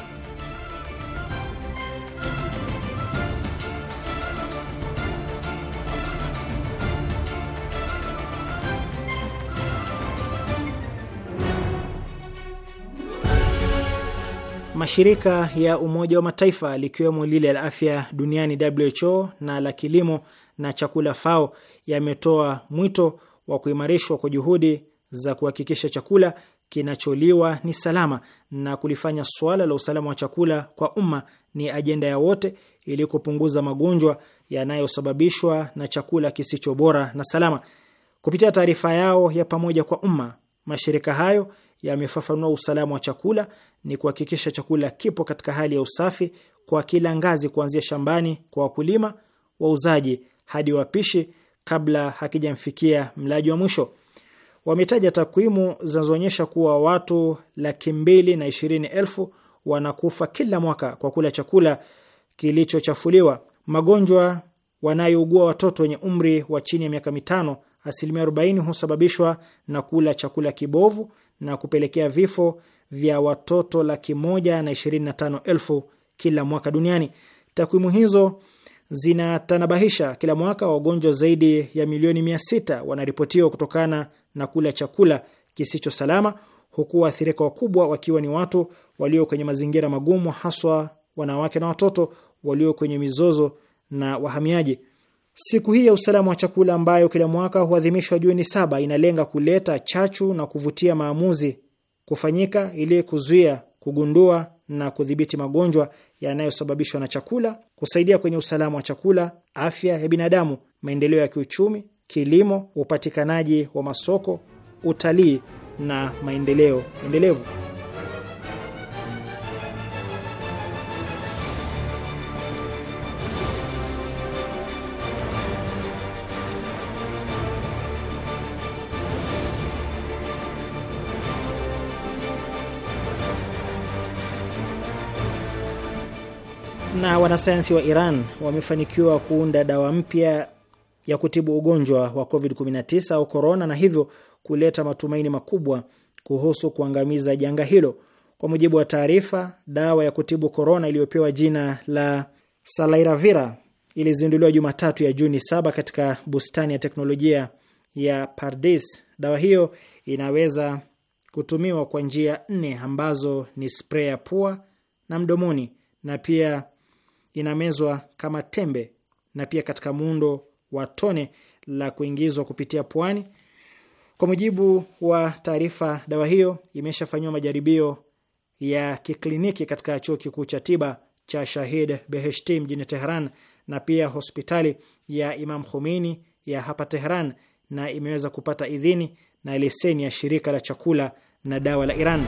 Mashirika ya Umoja wa Mataifa likiwemo lile la afya duniani WHO na la kilimo na chakula FAO yametoa mwito wa kuimarishwa kwa juhudi za kuhakikisha chakula kinacholiwa ni salama na kulifanya suala la usalama wa chakula kwa umma ni ajenda ya wote ili kupunguza magonjwa yanayosababishwa na chakula kisicho bora na salama. Kupitia taarifa yao ya pamoja kwa umma, mashirika hayo yamefafanua usalama wa chakula ni kuhakikisha chakula kipo katika hali ya usafi kwa kila ngazi, kuanzia shambani kwa wakulima, wauzaji hadi wapishi kabla hakijamfikia mlaji wa mwisho. Wametaja takwimu zinazoonyesha kuwa watu laki mbili na ishirini elfu wanakufa kila mwaka kwa kula chakula kilichochafuliwa. Magonjwa wanayougua watoto wenye umri wa chini ya miaka mitano, asilimia 40 husababishwa na kula chakula kibovu na kupelekea vifo vya watoto laki moja na ishirini na tano elfu kila mwaka duniani. Takwimu hizo zinatanabahisha kila mwaka wagonjwa zaidi ya milioni mia sita wanaripotiwa kutokana na kula chakula kisicho salama, huku waathirika wakubwa wakiwa ni watu walio kwenye mazingira magumu, haswa wanawake na watoto walio kwenye mizozo na wahamiaji. Siku hii ya usalama wa chakula ambayo kila mwaka huadhimishwa Juni saba inalenga kuleta chachu na kuvutia maamuzi kufanyika ili kuzuia, kugundua na kudhibiti magonjwa yanayosababishwa na chakula, kusaidia kwenye usalama wa chakula, afya ya binadamu, maendeleo ya kiuchumi, kilimo, upatikanaji wa masoko, utalii na maendeleo endelevu. wanasayansi wa Iran wamefanikiwa kuunda dawa mpya ya kutibu ugonjwa wa COVID-19 au korona, na hivyo kuleta matumaini makubwa kuhusu kuangamiza janga hilo. Kwa mujibu wa taarifa, dawa ya kutibu korona iliyopewa jina la Salairavira ilizinduliwa Jumatatu ya Juni saba katika bustani ya teknolojia ya Pardis. Dawa hiyo inaweza kutumiwa kwa njia nne ambazo ni spray ya pua na mdomoni na pia inamezwa kama tembe na pia katika muundo wa tone la kuingizwa kupitia puani. Kwa mujibu wa taarifa, dawa hiyo imeshafanyiwa majaribio ya kikliniki katika chuo kikuu cha tiba cha Shahid Beheshti mjini Tehran na pia hospitali ya Imam Khomeini ya hapa Tehran na imeweza kupata idhini na leseni ya shirika la chakula na dawa la Iran.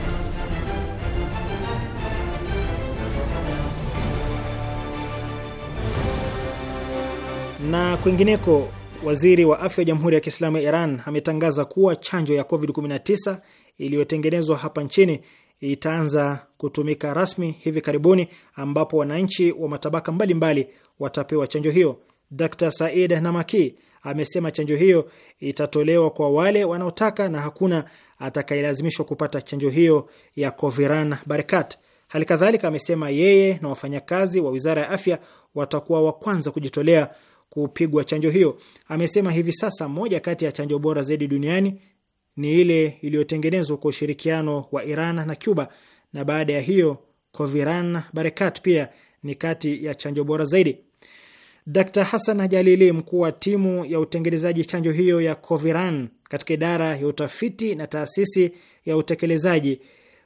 Na kwingineko, waziri wa afya ya Jamhuri ya Kiislamu ya Iran ametangaza kuwa chanjo ya COVID-19 iliyotengenezwa hapa nchini itaanza kutumika rasmi hivi karibuni, ambapo wananchi wa matabaka mbalimbali mbali watapewa chanjo hiyo. Dr Said Namaki amesema chanjo hiyo itatolewa kwa wale wanaotaka na hakuna atakayelazimishwa kupata chanjo hiyo ya Coviran Barakat. Hali kadhalika amesema yeye na wafanyakazi wa wizara ya afya watakuwa wa kwanza kujitolea kupigwa chanjo hiyo. Amesema hivi sasa moja kati ya chanjo bora zaidi duniani ni ile iliyotengenezwa kwa ushirikiano wa Iran na Cuba, na baada ya hiyo Coviran Barakat pia ni kati ya chanjo bora zaidi. Dkt Hassan Jalili, mkuu wa timu ya utengenezaji chanjo hiyo ya Coviran katika idara ya utafiti na taasisi ya utekelezaji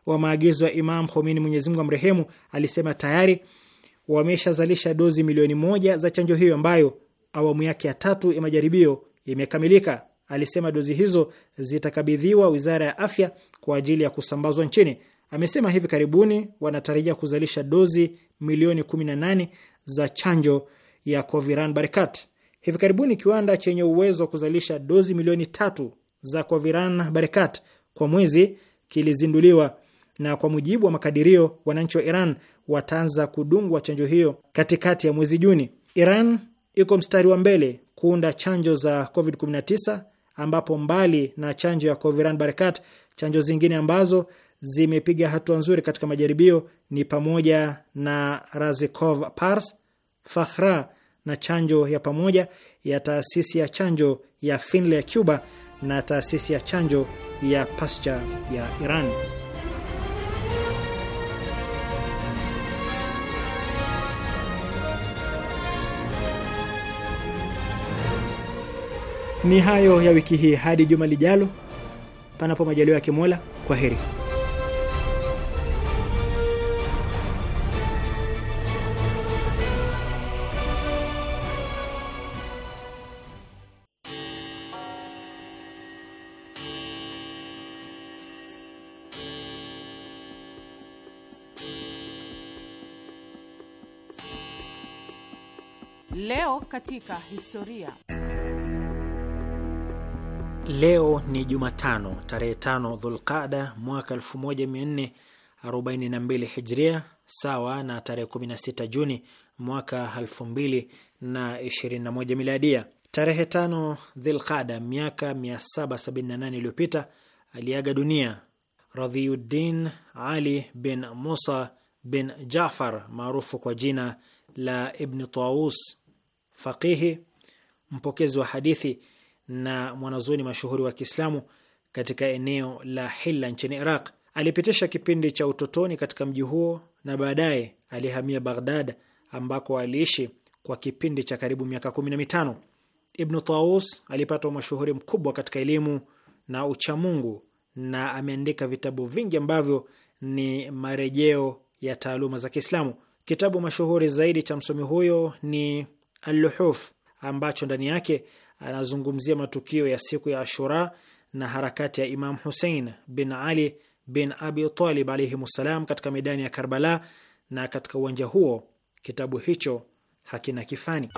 wa maagizo ya Imam Khomeini, Mwenyezi Mungu amrehemu, alisema tayari wameshazalisha dozi milioni moja za chanjo hiyo ambayo awamu yake ya tatu ya majaribio imekamilika. Alisema dozi hizo zitakabidhiwa wizara ya afya kwa ajili ya kusambazwa nchini. Amesema hivi karibuni wanatarajia kuzalisha dozi milioni 18 za chanjo ya Coviran Barikat. Hivi karibuni kiwanda chenye uwezo wa kuzalisha dozi milioni tatu za Coviran Barikat kwa mwezi kilizinduliwa, na kwa mujibu wa makadirio, wananchi wa Iran wataanza kudungwa chanjo hiyo katikati ya mwezi Juni. Iran iko mstari wa mbele kuunda chanjo za COVID-19 ambapo mbali na chanjo ya Coviran Barakat, chanjo zingine ambazo zimepiga hatua nzuri katika majaribio ni pamoja na Razikov Pars, Fakhra na chanjo ya pamoja ya taasisi ya chanjo ya Finlay ya Cuba na taasisi ya chanjo ya Pasteur ya Iran. Ni hayo ya wiki hii, hadi juma lijalo, panapo majaliwa ya Kimola. Kwa heri. Leo katika historia Leo ni Jumatano tarehe tano Dhulqada mwaka 1442 Hijria, sawa na tarehe 16 Juni mwaka 2021 Miladia. Tarehe tano Dhilqada, miaka 778 iliyopita aliaga dunia Radhiuddin Ali bin Musa bin Jafar maarufu kwa jina la Ibni Taus, faqihi, mpokezi wa hadithi na mwanazuoni mashuhuri wa Kiislamu katika eneo la Hilla nchini Iraq. Alipitisha kipindi cha utotoni katika mji huo na baadaye alihamia Baghdad ambako aliishi kwa kipindi cha karibu miaka kumi na mitano. Ibnu Taus alipata mashuhuri mkubwa katika elimu na uchamungu na ameandika vitabu vingi ambavyo ni marejeo ya taaluma za Kiislamu. Kitabu mashuhuri zaidi cha msomi huyo ni Alluhuf ambacho ndani yake anazungumzia matukio ya siku ya Ashura na harakati ya Imam Husein bin Ali bin Abi Talib ssalam katika medani ya Karbala, na katika uwanja huo kitabu hicho hakina kifani.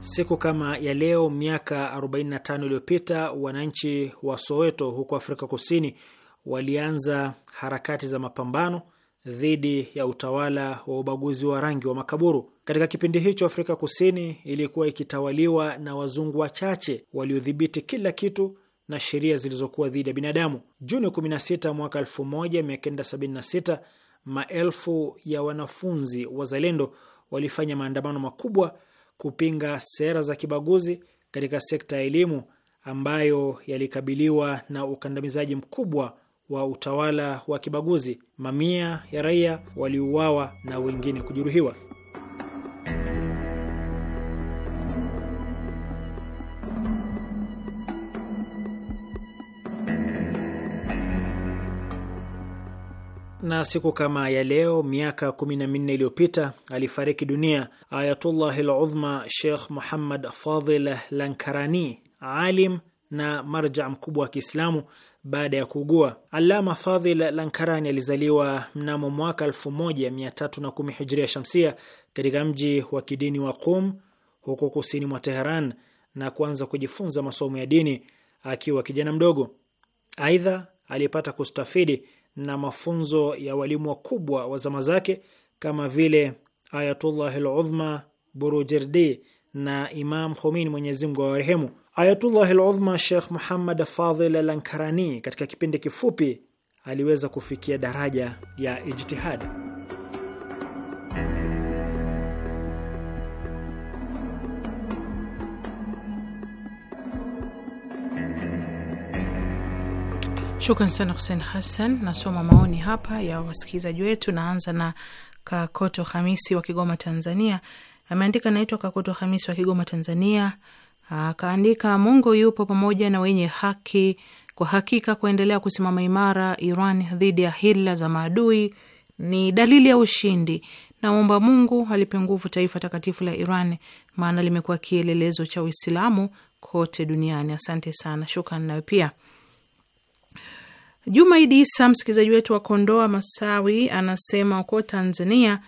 Siku kama ya leo miaka 45 iliyopita wananchi wa Soweto huko Afrika Kusini walianza harakati za mapambano dhidi ya utawala wa ubaguzi wa rangi wa makaburu. Katika kipindi hicho, Afrika Kusini ilikuwa ikitawaliwa na wazungu wachache waliodhibiti kila kitu na sheria zilizokuwa dhidi ya binadamu. Juni 16 mwaka 1976, maelfu ya wanafunzi wazalendo walifanya maandamano makubwa kupinga sera za kibaguzi katika sekta ya elimu ambayo yalikabiliwa na ukandamizaji mkubwa wa utawala wa kibaguzi. Mamia ya raia waliuawa na wengine kujeruhiwa. na siku kama ya leo miaka kumi na minne iliyopita alifariki dunia Ayatullah Ludhma Sheikh Muhammad Fadhil Lankarani, alim na marja mkubwa wa Kiislamu baada ya kuugua. alama Fadhil Lankarani alizaliwa mnamo mwaka 1310 hijria shamsia katika mji wa kidini wa Qum huko kusini mwa Teheran na kuanza kujifunza masomo ya dini akiwa kijana mdogo. Aidha, alipata kustafidi na mafunzo ya walimu wakubwa wa zama zake kama vile Ayatullah Al-Udhma Burujerdi na Imam Khomeini, Mwenyezi Mungu awarehemu. Ayatullah al-Udhma Sheikh Muhammad Fadhil al-Ankarani katika kipindi kifupi aliweza kufikia daraja ya ijtihad. Shukran sana Hussein Hassan. Nasoma maoni hapa ya wasikilizaji wetu. Naanza na Kakoto Hamisi wa Kigoma, Tanzania. Ameandika, naitwa Kakoto Hamisi wa Kigoma, Tanzania. Akaandika, Mungu yupo pamoja na wenye haki, kwa hakika kuendelea kusimama imara Iran dhidi ya hila za maadui ni dalili ya ushindi. Naomba Mungu alipe nguvu taifa takatifu la Iran, maana limekuwa kielelezo cha Uislamu kote duniani. Asante sana, shukran. Nawe pia Juma Isa, msikilizaji wetu wa Kondoa Masawi, anasema uko Tanzania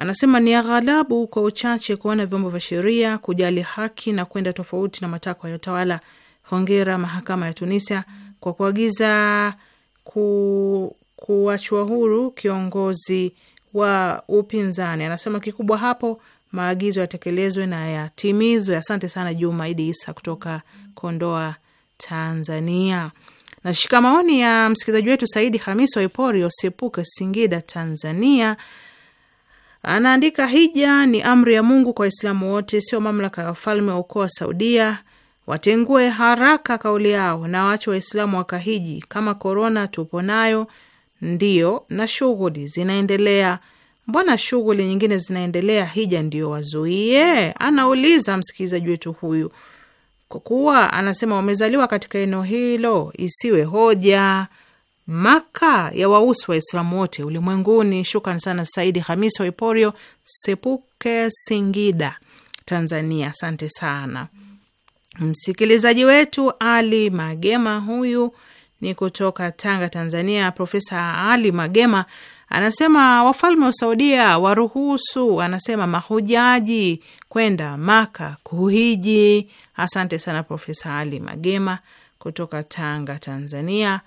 Anasema ni aghalabu kwa uchache kuona vyombo vya sheria kujali haki na kwenda tofauti na matakwa ya utawala. Hongera mahakama ya Tunisia kwa kuagiza ku, kuachwa huru kiongozi wa upinzani. Anasema kikubwa hapo maagizo yatekelezwe na yatimizwe. Asante sana Juma Idi Isa kutoka Kondoa, Tanzania. Nashika maoni ya msikilizaji wetu Saidi Hamis waipori Osepuke, Singida, Tanzania. Anaandika, hija ni amri ya Mungu kwa Waislamu wote, sio mamlaka ya wafalme wa ukoo wa Saudia. Watengue haraka kauli yao na wache Waislamu wakahiji. Kama korona tupo nayo ndiyo, na shughuli zinaendelea. Mbona shughuli nyingine zinaendelea, hija ndiyo wazuie? Anauliza msikilizaji wetu huyu, kwa kuwa anasema wamezaliwa katika eneo hilo, isiwe hoja. Maka ya wausi Waislamu wote ulimwenguni. Shukran sana Saidi Hamisi Waiporio, Sepuke, Singida, Tanzania. Asante sana msikilizaji wetu Ali Magema, huyu ni kutoka Tanga, Tanzania. Profesa Ali Magema anasema wafalme wa Saudia waruhusu, anasema mahujaji kwenda Maka kuhiji. Asante sana Profesa Ali Magema kutoka Tanga, Tanzania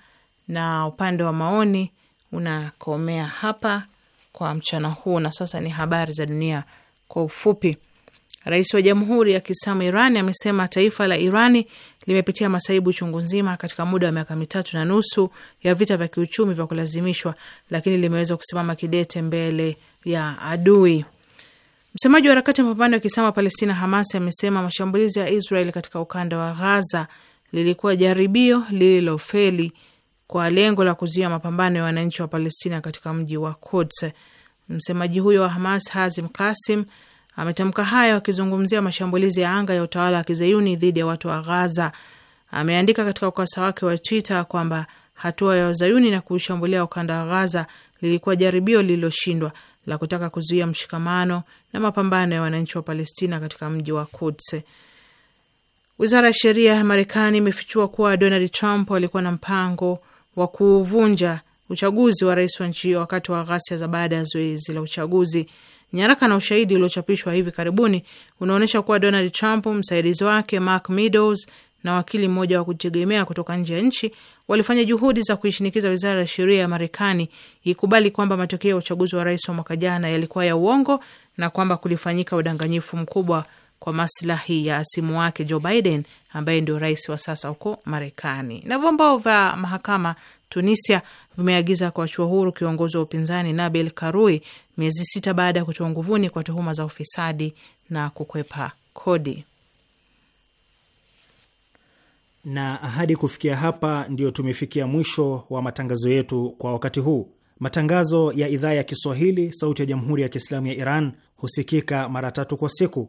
na upande wa maoni unakomea hapa kwa mchana huu, na sasa ni habari za dunia kwa ufupi. Rais wa Jamhuri ya Kiislamu Iran amesema taifa la Irani limepitia masaibu chungu nzima katika muda wa miaka mitatu na nusu ya vita vya kiuchumi vya kulazimishwa, lakini limeweza kusimama kidete mbele ya adui. Msemaji wa harakati ya mapambano ya Kiislamu wa Palestina Hamas amesema mashambulizi ya Israel katika ukanda wa Ghaza lilikuwa jaribio lililofeli kwa lengo la kuzuia mapambano ya wananchi wa Palestina katika mji wa Quds. Msemaji huyo wa Hamas Hazim Kasim ametamka hayo akizungumzia mashambulizi ya anga ya utawala wa kizayuni dhidi ya watu wa Ghaza. Ameandika katika ukurasa wake wa Twitter kwamba hatua ya wazayuni na kuushambulia ukanda wa Ghaza lilikuwa jaribio lililoshindwa la kutaka kuzuia mshikamano na mapambano ya wananchi wa Palestina katika mji wa Quds. Wizara ya sheria ya Marekani imefichua kuwa Donald Trump alikuwa na mpango wa kuvunja uchaguzi wa rais wa nchi hiyo wakati wa ghasia za baada ya zoezi la uchaguzi. Nyaraka na ushahidi uliochapishwa hivi karibuni unaonyesha kuwa Donald Trump, msaidizi wake Mark Meadows na wakili mmoja wa kujitegemea kutoka nje ya nchi walifanya juhudi za kuishinikiza wizara ya sheria ya Marekani ikubali kwamba matokeo ya uchaguzi wa rais wa mwaka jana yalikuwa ya uongo na kwamba kulifanyika udanganyifu mkubwa kwa maslahi ya simu wake Joe Biden ambaye ndio rais wa sasa huko Marekani. Na vyombo vya mahakama Tunisia vimeagiza kuachiwa huru kiongozi wa upinzani Nabil Karui miezi sita baada ya kutoa nguvuni kwa tuhuma za ufisadi na kukwepa kodi. Na ahadi kufikia hapa, ndiyo tumefikia mwisho wa matangazo yetu kwa wakati huu. Matangazo ya idhaa ya Kiswahili sauti ya jamhuri ya Kiislamu ya Iran husikika mara tatu kwa siku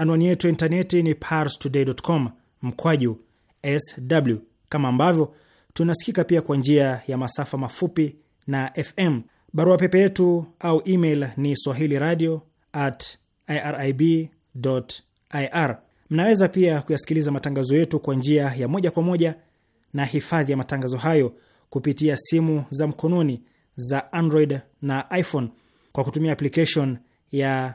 Anwani yetu ya intaneti ni parstoday.com mkwaju sw, kama ambavyo tunasikika pia kwa njia ya masafa mafupi na FM. Barua pepe yetu au email ni swahili radio at irib ir. Mnaweza pia kuyasikiliza matangazo yetu kwa njia ya moja kwa moja na hifadhi ya matangazo hayo kupitia simu za mkononi za Android na iPhone kwa kutumia application ya